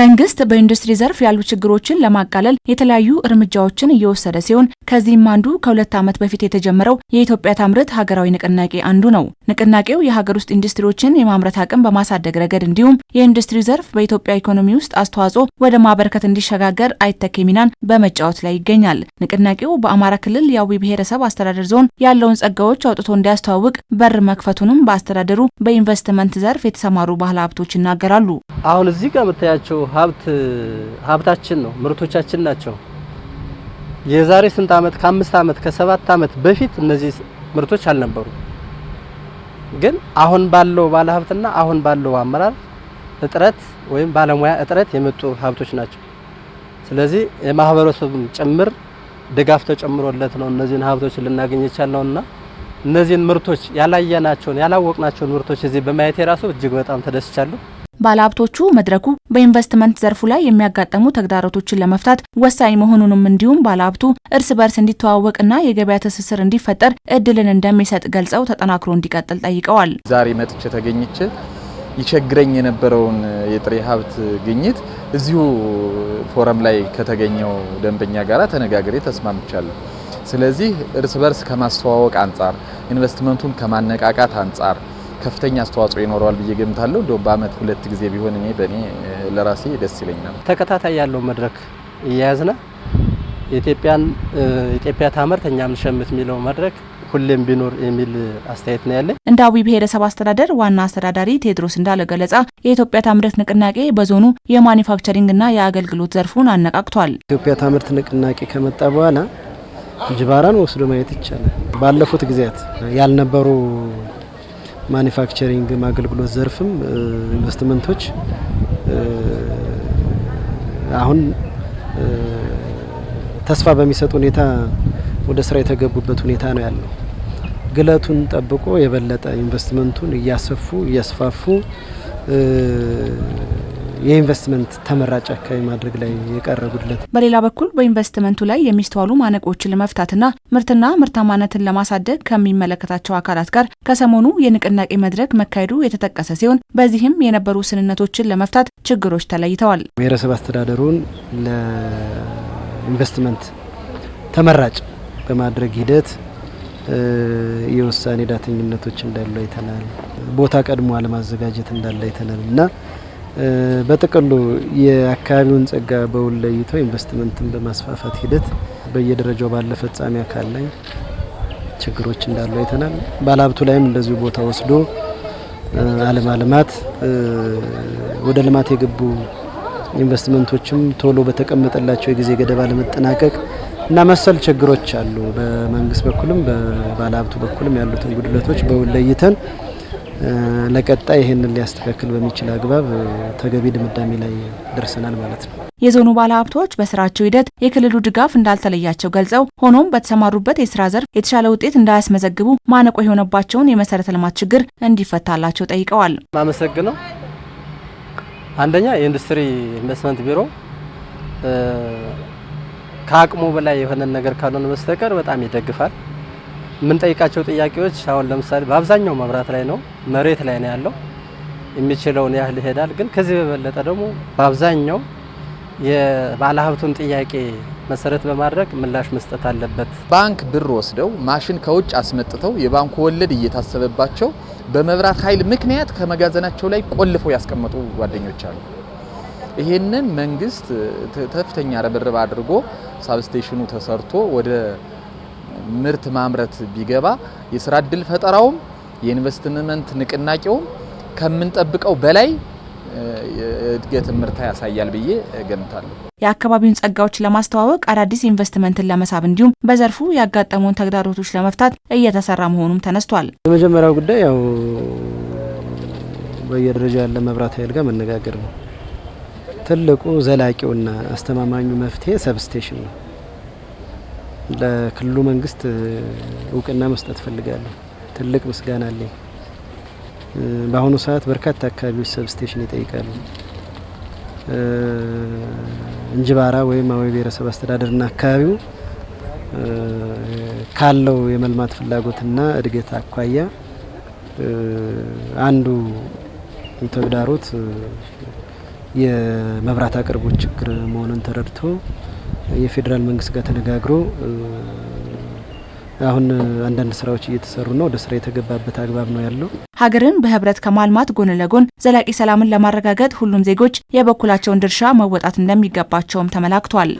መንግስት በኢንዱስትሪ ዘርፍ ያሉ ችግሮችን ለማቃለል የተለያዩ እርምጃዎችን እየወሰደ ሲሆን ከዚህም አንዱ ከሁለት ዓመት በፊት የተጀመረው የኢትዮጵያ ታምርት ሀገራዊ ንቅናቄ አንዱ ነው። ንቅናቄው የሀገር ውስጥ ኢንዱስትሪዎችን የማምረት አቅም በማሳደግ ረገድ እንዲሁም የኢንዱስትሪ ዘርፍ በኢትዮጵያ ኢኮኖሚ ውስጥ አስተዋጽኦ ወደ ማበረከት እንዲሸጋገር አይተኬ ሚናን በመጫወት ላይ ይገኛል። ንቅናቄው በአማራ ክልል የአዊ ብሔረሰብ አስተዳደር ዞን ያለውን ጸጋዎች አውጥቶ እንዲያስተዋውቅ በር መክፈቱንም በአስተዳደሩ በኢንቨስትመንት ዘርፍ የተሰማሩ ባለሀብቶች ይናገራሉ። አሁን እዚህ ጋር የምታያቸው ሀብት ሀብታችን ነው፣ ምርቶቻችን ናቸው። የዛሬ ስንት ዓመት ከአምስት ዓመት ከሰባት ዓመት በፊት እነዚህ ምርቶች አልነበሩ። ግን አሁን ባለው ባለሀብትና አሁን ባለው አመራር እጥረት ወይም ባለሙያ እጥረት የመጡ ሀብቶች ናቸው። ስለዚህ የማህበረሰቡ ጭምር ድጋፍ ተጨምሮለት ነው እነዚህን ሀብቶች ልናገኝ የቻልነውና እነዚህን ምርቶች ያላየናቸውን ያላወቅናቸውን ምርቶች እዚህ በማየት የራሱ እጅግ በጣም ተደስቻለሁ። ባለሀብቶቹ መድረኩ በኢንቨስትመንት ዘርፉ ላይ የሚያጋጥሙ ተግዳሮቶችን ለመፍታት ወሳኝ መሆኑንም እንዲሁም ባለሀብቱ እርስ በርስ እንዲተዋወቅና የገበያ ትስስር እንዲፈጠር እድልን እንደሚሰጥ ገልጸው ተጠናክሮ እንዲቀጥል ጠይቀዋል። ዛሬ መጥቼ ተገኝቼ ይቸግረኝ የነበረውን የጥሬ ሀብት ግኝት እዚሁ ፎረም ላይ ከተገኘው ደንበኛ ጋር ተነጋግሬ ተስማምቻለሁ። ስለዚህ እርስ በርስ ከማስተዋወቅ አንጻር ኢንቨስትመንቱን ከማነቃቃት አንጻር ከፍተኛ አስተዋጽኦ ይኖረዋል ብዬ ገምታለሁ። እንዲያው በአመት ሁለት ጊዜ ቢሆን እኔ በእኔ ለራሴ ደስ ይለኛል። ተከታታይ ያለው መድረክ እያያዝነ ኢትዮጵያን ኢትዮጵያ ታምርት እኛም እንሸምት የሚለው መድረክ ሁሌም ቢኖር የሚል አስተያየት ነው ያለ። እንደ አዊ ብሔረሰብ አስተዳደር ዋና አስተዳዳሪ ቴድሮስ እንዳለ ገለጻ የኢትዮጵያ ታምርት ንቅናቄ በዞኑ የማኒፋክቸሪንግና የአገልግሎት ዘርፉን አነቃቅቷል። ኢትዮጵያ ታምርት ንቅናቄ ከመጣ በኋላ ጅባራን ወስዶ ማየት ይቻላል። ባለፉት ጊዜያት ያልነበሩ ማኒፋክቸሪንግ አገልግሎት ዘርፍም ኢንቨስትመንቶች አሁን ተስፋ በሚሰጥ ሁኔታ ወደ ስራ የተገቡበት ሁኔታ ነው ያለው። ግለቱን ጠብቆ የበለጠ ኢንቨስትመንቱን እያሰፉ እያስፋፉ የኢንቨስትመንት ተመራጭ አካባቢ ማድረግ ላይ የቀረ ጉድለት። በሌላ በኩል በኢንቨስትመንቱ ላይ የሚስተዋሉ ማነቆችን ለመፍታትና ምርትና ምርታማነትን ለማሳደግ ከሚመለከታቸው አካላት ጋር ከሰሞኑ የንቅናቄ መድረክ መካሄዱ የተጠቀሰ ሲሆን በዚህም የነበሩ ስንነቶችን ለመፍታት ችግሮች ተለይተዋል። ብሔረሰብ አስተዳደሩን ለኢንቨስትመንት ተመራጭ በማድረግ ሂደት የውሳኔ ዳተኝነቶች እንዳሉ አይተናል። ቦታ ቀድሞ አለማዘጋጀት እንዳለ አይተናል እና በጥቅሉ የአካባቢውን ጸጋ በውል ለይተው ኢንቨስትመንትን በማስፋፋት ሂደት በየደረጃው ባለ ፈጻሚ አካል ላይ ችግሮች እንዳሉ አይተናል። ባለሀብቱ ላይም እንደዚሁ ቦታ ወስዶ አለማልማት ወደ ልማት የገቡ ኢንቨስትመንቶችም ቶሎ በተቀመጠላቸው የጊዜ ገደብ አለመጠናቀቅ እና መሰል ችግሮች አሉ። በመንግስት በኩልም በባለሀብቱ በኩልም ያሉትን ጉድለቶች በውል ለይተን ለቀጣይ ይህንን ሊያስተካክል በሚችል አግባብ ተገቢ ድምዳሜ ላይ ደርሰናል ማለት ነው። የዞኑ ባለሀብቶች በስራቸው ሂደት የክልሉ ድጋፍ እንዳልተለያቸው ገልጸው ሆኖም በተሰማሩበት የስራ ዘርፍ የተሻለ ውጤት እንዳያስመዘግቡ ማነቆ የሆነባቸውን የመሰረተ ልማት ችግር እንዲፈታላቸው ጠይቀዋል። አመሰግነው አንደኛ የኢንዱስትሪ ኢንቨስትመንት ቢሮ ከአቅሙ በላይ የሆነን ነገር ካልሆነ በስተቀር በጣም ይደግፋል። የምንጠይቃቸው ጥያቄዎች አሁን ለምሳሌ በአብዛኛው መብራት ላይ ነው፣ መሬት ላይ ነው ያለው። የሚችለውን ያህል ይሄዳል። ግን ከዚህ በበለጠ ደግሞ በአብዛኛው የባለሀብቱን ጥያቄ መሰረት በማድረግ ምላሽ መስጠት አለበት። ባንክ ብር ወስደው ማሽን ከውጭ አስመጥተው የባንኩ ወለድ እየታሰበባቸው በመብራት ኃይል ምክንያት ከመጋዘናቸው ላይ ቆልፈው ያስቀመጡ ጓደኞች አሉ። ይሄንን መንግስት ከፍተኛ ርብርብ አድርጎ ሳብስቴሽኑ ተሰርቶ ወደ ምርት ማምረት ቢገባ የስራ እድል ፈጠራውም የኢንቨስትመንት ንቅናቄውም ከምንጠብቀው በላይ እድገት ምርታ ያሳያል ብዬ ገምታለሁ። የአካባቢውን ጸጋዎች ለማስተዋወቅ አዳዲስ ኢንቨስትመንትን ለመሳብ እንዲሁም በዘርፉ ያጋጠመውን ተግዳሮቶች ለመፍታት እየተሰራ መሆኑም ተነስቷል። የመጀመሪያው ጉዳይ ያው በየደረጃው ያለ መብራት ኃይል ጋር መነጋገር ነው። ትልቁ ዘላቂውና አስተማማኙ መፍትሄ ሰብስቴሽን ነው። ለክልሉ መንግስት እውቅና መስጠት ፈልጋለሁ። ትልቅ ምስጋና አለኝ። በአሁኑ ሰዓት በርካታ አካባቢዎች ሰብስቴሽን ይጠይቃሉ። እንጅባራ ወይም አዊ ብሔረሰብ አስተዳደርና አካባቢው ካለው የመልማት ፍላጎትና እድገት አኳያ አንዱ ተግዳሮት የመብራት አቅርቦት ችግር መሆኑን ተረድቶ የፌዴራል መንግስት ጋር ተነጋግሮ አሁን አንዳንድ ስራዎች እየተሰሩ ነው። ወደ ስራ የተገባበት አግባብ ነው ያለው። ሀገርን በህብረት ከማልማት ጎን ለጎን ዘላቂ ሰላምን ለማረጋገጥ ሁሉም ዜጎች የበኩላቸውን ድርሻ መወጣት እንደሚገባቸውም ተመላክቷል።